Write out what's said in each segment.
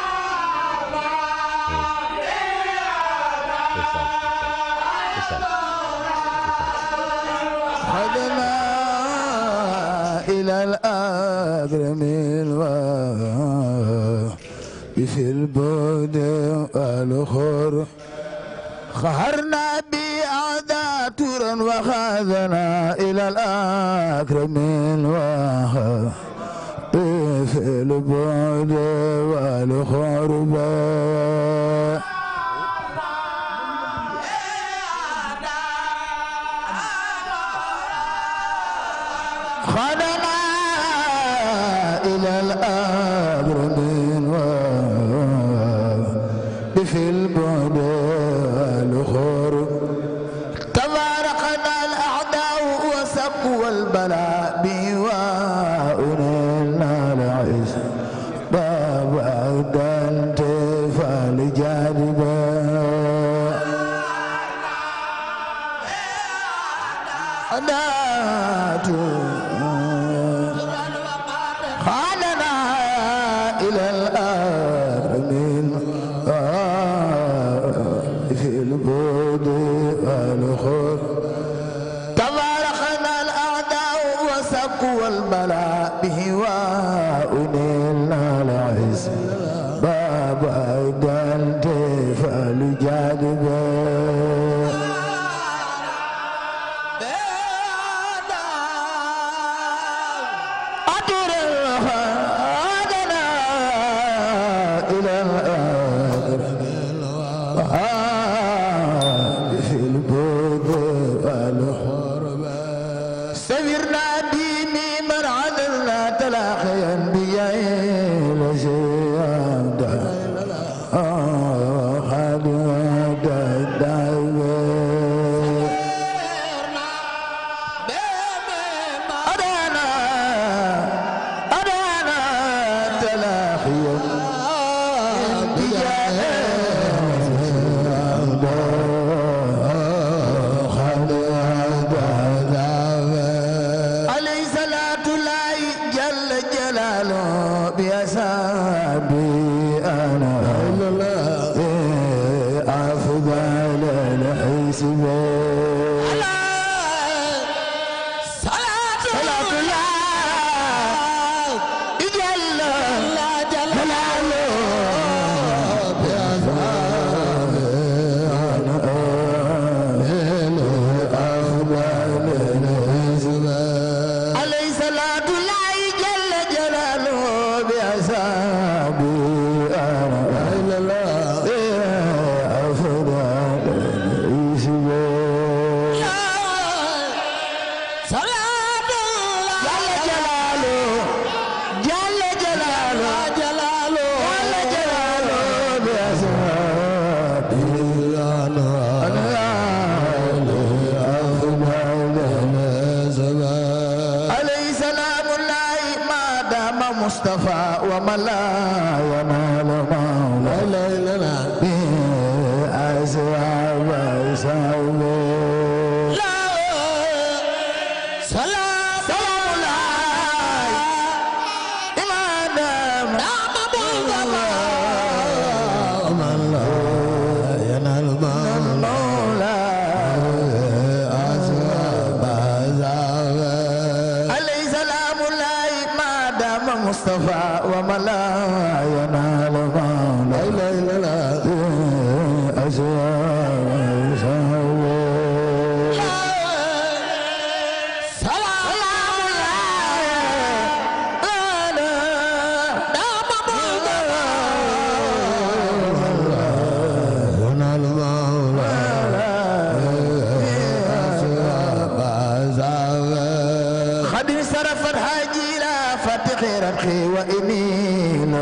أكرم الوفا في البعد والخور خهرنا بأعداء تورا وخذنا إلى الأكرم الوفا في البعد والخربا البلاء بواؤنا العز باب المصطفى وملايا الحق وإنينا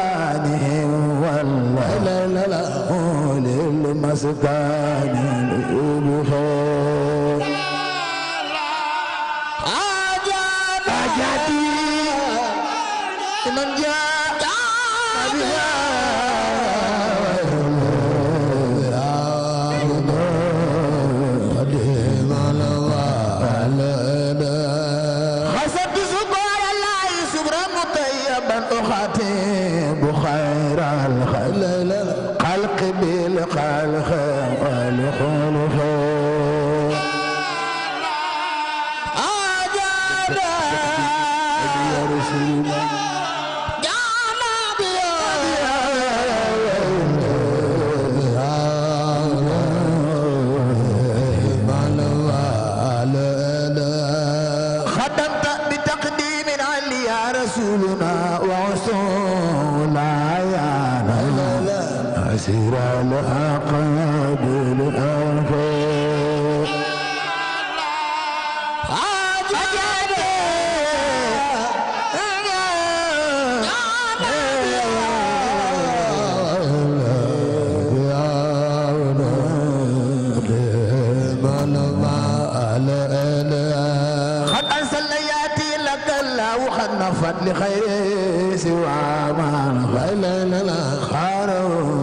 رزقاني وعسولا يا عسير الأقل نفت لخير سوى ما نفت لنا خارون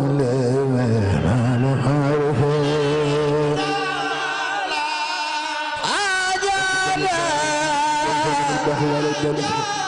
Yeah.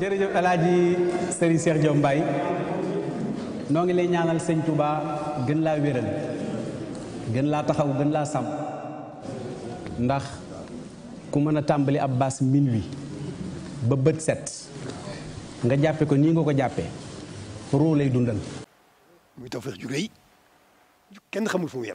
jërëjëf El Hadj Serigne Cheikh Diop Mbaye noo ngi lay ñaanal sëñ Touba gën laa wéral gën laa taxaw gën laa sàmm ndax ku mën a tàmbali ab baas wi ba bët set nga jàppe ko nii nga ko jàppee ruu lay dundal. kenn xamul fu mu